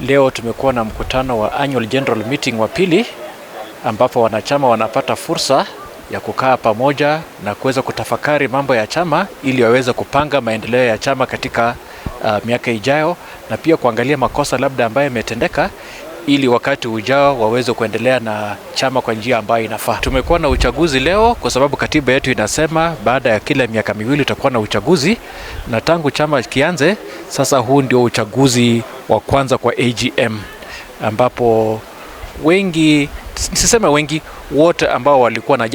Leo tumekuwa na mkutano wa annual general meeting wa pili ambapo wanachama wanapata fursa ya kukaa pamoja na kuweza kutafakari mambo ya chama ili waweze kupanga maendeleo ya chama katika uh, miaka ijayo na pia kuangalia makosa labda ambayo yametendeka ili wakati ujao waweze kuendelea na chama kwa njia ambayo inafaa. Tumekuwa na uchaguzi leo kwa sababu katiba yetu inasema baada ya kila miaka miwili utakuwa na uchaguzi, na tangu chama kianze sasa, huu ndio uchaguzi wa kwanza kwa AGM ambapo wengi siseme wengi wote ambao walikuwa na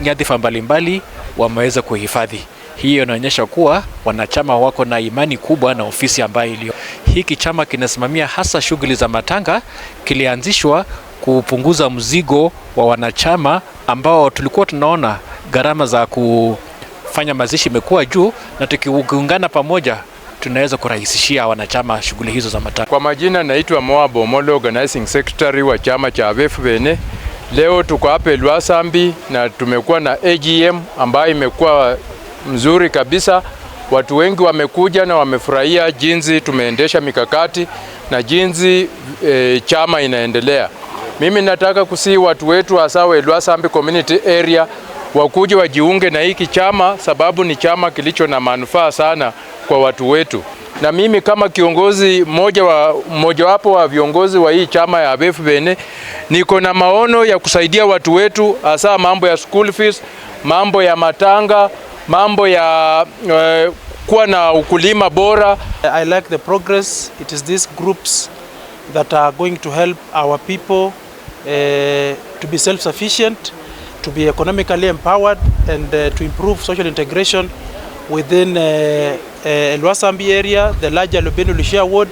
nyadhifa mbalimbali wameweza kuhifadhi. Hiyo inaonyesha kuwa wanachama wako na imani kubwa na ofisi ambayo iliyo hiki chama kinasimamia hasa shughuli za matanga kilianzishwa kupunguza mzigo wa wanachama ambao tulikuwa tunaona gharama za kufanya mazishi imekuwa juu, na tukiungana pamoja tunaweza kurahisishia wanachama shughuli hizo za matanga. Kwa majina naitwa Moab Omolo, organizing secretary wa chama cha ABEFUVENE. Leo tuko hapa Lwasambi na tumekuwa na AGM ambayo imekuwa mzuri kabisa. Watu wengi wamekuja na wamefurahia jinsi tumeendesha mikakati na jinsi e, chama inaendelea. Mimi nataka kusii watu wetu hasa wa Elwasambi community area wakuje wajiunge na hiki chama, sababu ni chama kilicho na manufaa sana kwa watu wetu. Na mimi kama kiongozi mmoja wa mmojawapo wa viongozi wa hii chama ya Abefu Bene, niko na maono ya kusaidia watu wetu, hasa mambo ya school fees, mambo ya matanga mambo ya uh, kuwa na ukulima bora. I like the progress. It is these groups that are going to help our people uh, to be self-sufficient, to be economically empowered and uh, to improve social integration within uh, uh, Lwasambi area, the larger Lubeni Lushia ward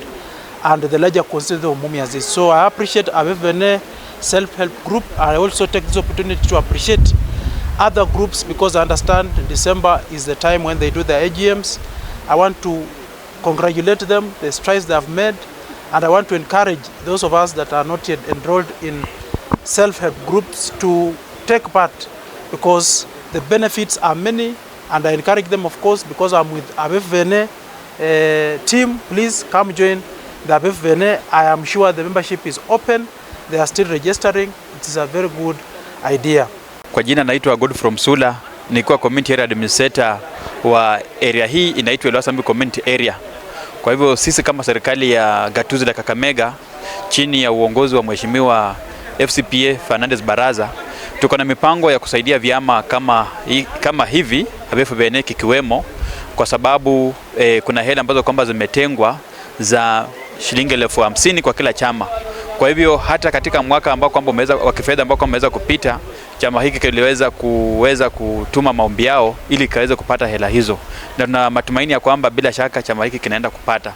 and the larger constituency of Mumiazi. So I appreciate Avevene self-help group. I also take this opportunity to appreciate other groups because I understand December is the time when they do their AGMs. I want to congratulate them, the strides they have made, and I want to encourage those of us that are not yet enrolled in self-help groups to take part because the benefits are many and I encourage them of course because I'm with ABFVNA uh, team, please come join the ABFVNA. I am sure the membership is open, they are still registering, it is a very good idea. Kwa jina naitwa Godfrey Msula, nilikuwa community area administrator wa area hii inaitwa Elwasa Mbi community area. Kwa hivyo sisi kama serikali ya gatuzi la Kakamega chini ya uongozi wa mheshimiwa FCPA Fernandez Baraza tuko na mipango ya kusaidia vyama kama, kama hivi FVNA kikiwemo, kwa sababu eh, kuna hela ambazo kwamba zimetengwa za shilingi elfu hamsini kwa kila chama. Kwa hivyo hata katika mwaka ambao kwamba umeweza wa kifedha ambao kwamba umeweza kupita chama hiki kiliweza kuweza kutuma maombi yao ili kaweze kupata hela hizo, na tuna matumaini ya kwamba bila shaka chama hiki kinaenda kupata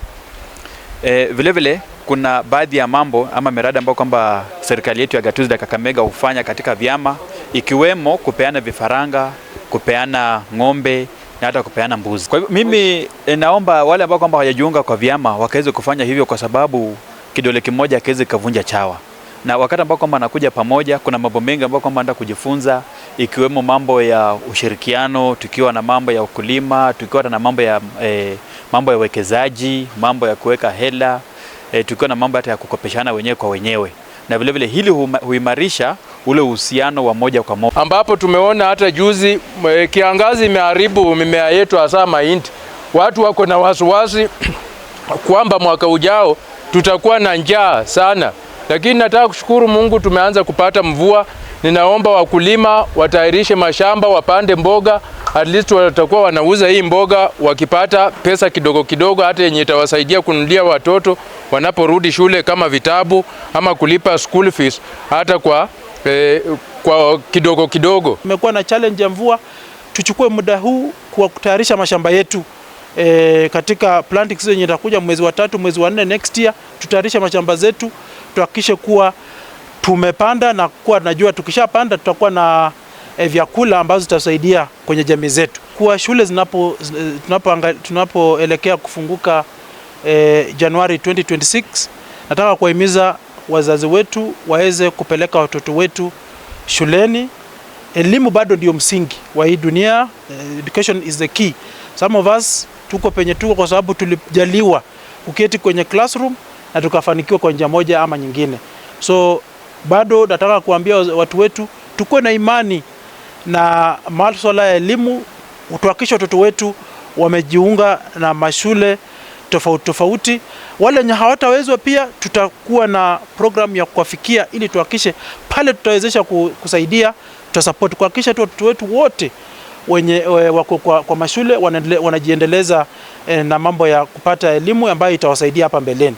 e, vile vile kuna baadhi ya mambo ama miradi ambayo kwamba serikali yetu ya gatuzi la Kakamega hufanya katika vyama ikiwemo kupeana vifaranga, kupeana ng'ombe na hata kupeana mbuzi. Kwa hivyo mimi e, naomba wale ambao kwamba hawajajiunga kwa vyama wakaweze kufanya hivyo, kwa sababu kidole kimoja hakiwezi kavunja chawa na wakati ambao kwamba anakuja pamoja, kuna mambo mengi ambayo kwamba anataka kujifunza, ikiwemo mambo ya ushirikiano, tukiwa na mambo ya ukulima, tukiwa na mambo ya e, mambo ya uwekezaji, mambo ya kuweka hela e, tukiwa na mambo hata ya kukopeshana wenyewe kwa wenyewe, na vilevile hili huimarisha ule uhusiano wa moja kwa moja, ambapo tumeona hata juzi eh, kiangazi imeharibu mimea yetu, hasa mahindi. Watu wako na wasiwasi kwamba mwaka ujao tutakuwa na njaa sana. Lakini nataka kushukuru Mungu, tumeanza kupata mvua. Ninaomba wakulima watayarishe mashamba, wapande mboga, at least watakuwa wanauza hii mboga wakipata pesa kidogo kidogo, hata yenye itawasaidia kununulia watoto wanaporudi shule kama vitabu ama kulipa school fees, hata kwa, eh, kwa kidogo kidogo. Imekuwa na challenge ya mvua, tuchukue muda huu kwa kutayarisha mashamba yetu e, katika planting season yenye itakuja mwezi wa tatu, mwezi wa nne next year, tutayarisha mashamba zetu tuhakikishe kuwa tumepanda na kuwa najua tukishapanda tutakuwa na e, vyakula ambazo zitasaidia kwenye jamii zetu. Kwa shule zinapo tunapoelekea kufunguka e, Januari 2026 nataka kuwahimiza wazazi wetu waweze kupeleka watoto wetu shuleni. Elimu bado ndio msingi wa hii dunia. Education is the key. Some of us tuko penye tuko kwa sababu tulijaliwa kuketi kwenye classroom na tukafanikiwa kwa njia moja ama nyingine. So bado nataka kuambia watu wetu tukuwe na imani na masuala ya elimu, tuhakikishe watoto wetu wamejiunga na mashule tofauti tofauti. Wale wenye hawatawezwa pia tutakuwa na programu ya kuwafikia, ili tuhakikishe pale tutawezesha kusaidia, tutasapoti kuhakikisha tu watoto wetu wote wenye eh, wako kwa, kwa mashule wanajiendeleza eh, na mambo ya kupata elimu ambayo itawasaidia hapa mbeleni.